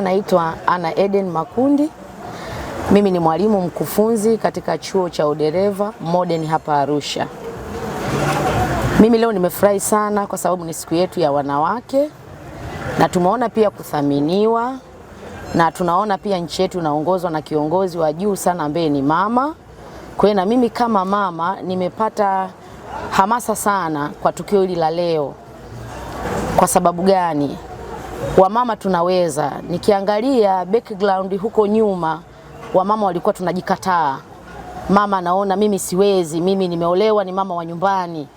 Naitwa Ana Eden Makundi. Mimi ni mwalimu mkufunzi katika chuo cha udereva Modern hapa Arusha. Mimi leo nimefurahi sana kwa sababu ni siku yetu ya wanawake na tumeona pia kuthaminiwa na tunaona pia nchi yetu inaongozwa na kiongozi wa juu sana ambaye ni mama. Kwa hiyo na mimi kama mama nimepata hamasa sana kwa tukio hili la leo. Kwa sababu gani? Wamama tunaweza. Nikiangalia background huko nyuma, wamama walikuwa tunajikataa, mama naona mimi siwezi, mimi nimeolewa, ni mama wa nyumbani.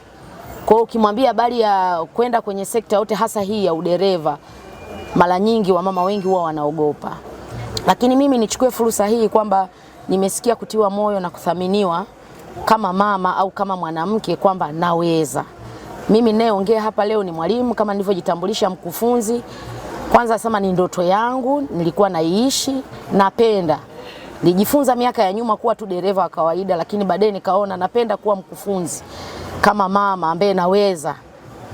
Kwa hiyo ukimwambia habari ya kwenda kwenye sekta yote, hasa hii ya udereva, mara nyingi wamama wengi huwa wanaogopa. Lakini mimi nichukue fursa hii kwamba nimesikia kutiwa moyo na kuthaminiwa kama mama au kama mwanamke kwamba naweza. Mimi nayeongea hapa leo ni mwalimu kama nilivyojitambulisha, mkufunzi kwanza sema ni ndoto yangu, nilikuwa naiishi, napenda nijifunza miaka ya nyuma kuwa tu dereva wa kawaida, lakini baadaye nikaona napenda kuwa mkufunzi kama mama ambaye naweza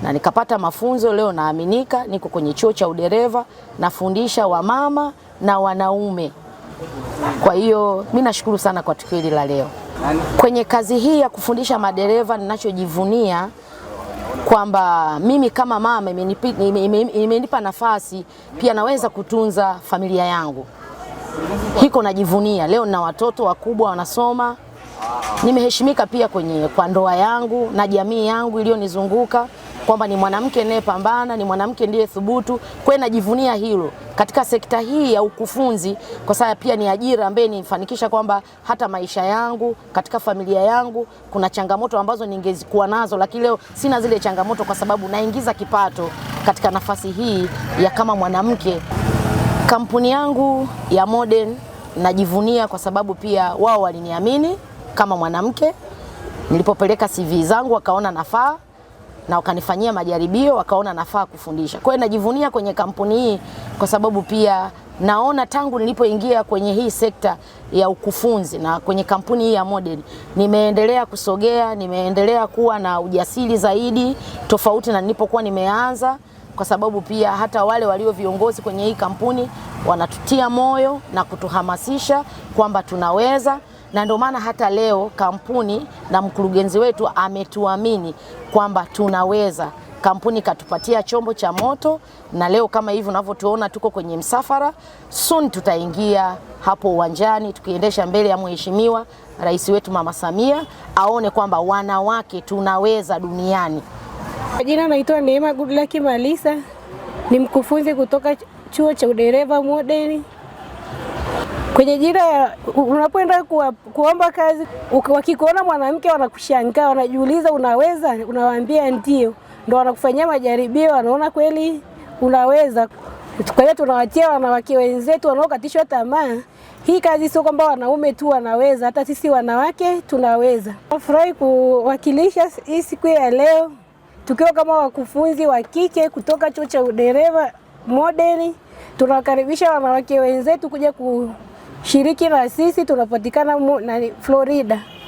na nikapata mafunzo. Leo naaminika, niko kwenye chuo cha udereva, nafundisha wamama na wanaume. Kwa hiyo mi nashukuru sana kwa tukio hili la leo. Kwenye kazi hii ya kufundisha madereva, ninachojivunia kwamba mimi kama mama imenipa nafasi pia naweza kutunza familia yangu, hiko najivunia. Leo nina watoto wakubwa wanasoma, nimeheshimika pia kwenye kwa ndoa yangu na jamii yangu iliyonizunguka kwamba ni mwanamke anayepambana, ni mwanamke ndiye thubutu. Kwa najivunia hilo katika sekta hii ya ukufunzi, kwa sababu pia ni ajira ambaye nifanikisha kwamba hata maisha yangu katika familia yangu kuna changamoto ambazo ningezikuwa nazo, lakini leo sina zile changamoto kwa sababu naingiza kipato katika nafasi hii ya kama mwanamke. Kampuni yangu ya Modern najivunia kwa sababu pia wao waliniamini kama mwanamke, nilipopeleka CV zangu wakaona nafaa na wakanifanyia majaribio, wakaona nafaa kufundisha. Kwa hiyo najivunia kwenye kampuni hii kwa sababu pia naona tangu nilipoingia kwenye hii sekta ya ukufunzi na kwenye kampuni hii ya Model nimeendelea kusogea, nimeendelea kuwa na ujasiri zaidi tofauti na nilipokuwa nimeanza, kwa sababu pia hata wale walio viongozi kwenye hii kampuni wanatutia moyo na kutuhamasisha kwamba tunaweza na ndio maana hata leo kampuni na mkurugenzi wetu ametuamini kwamba tunaweza. Kampuni katupatia chombo cha moto, na leo kama hivi unavyotuona tuko kwenye msafara, soon tutaingia hapo uwanjani tukiendesha mbele ya mheshimiwa rais wetu Mama Samia, aone kwamba wanawake tunaweza duniani. Jina naitwa Neema Goodluck Malisa, ni mkufunzi kutoka chuo cha udereva modeli kwenye jira, ya unapoenda kuwa, kuomba kazi wakikuona mwanamke wanakushangaa, wanajiuliza unaweza, unawaambia ndio, ndo wanakufanyia majaribio, wanaona kweli unaweza. Kwa hiyo tunawatia wanawake wenzetu wanaokatishwa tamaa, hii kazi sio kwamba wanaume tu wanaweza, hata sisi wanawake tunaweza. Nafurahi kuwakilisha hii siku ya leo tukiwa kama wakufunzi wa kike kutoka chuo cha udereva modeli. Tunawakaribisha wanawake wenzetu kuja ku Shiriki na sisi tunapatikana Florida.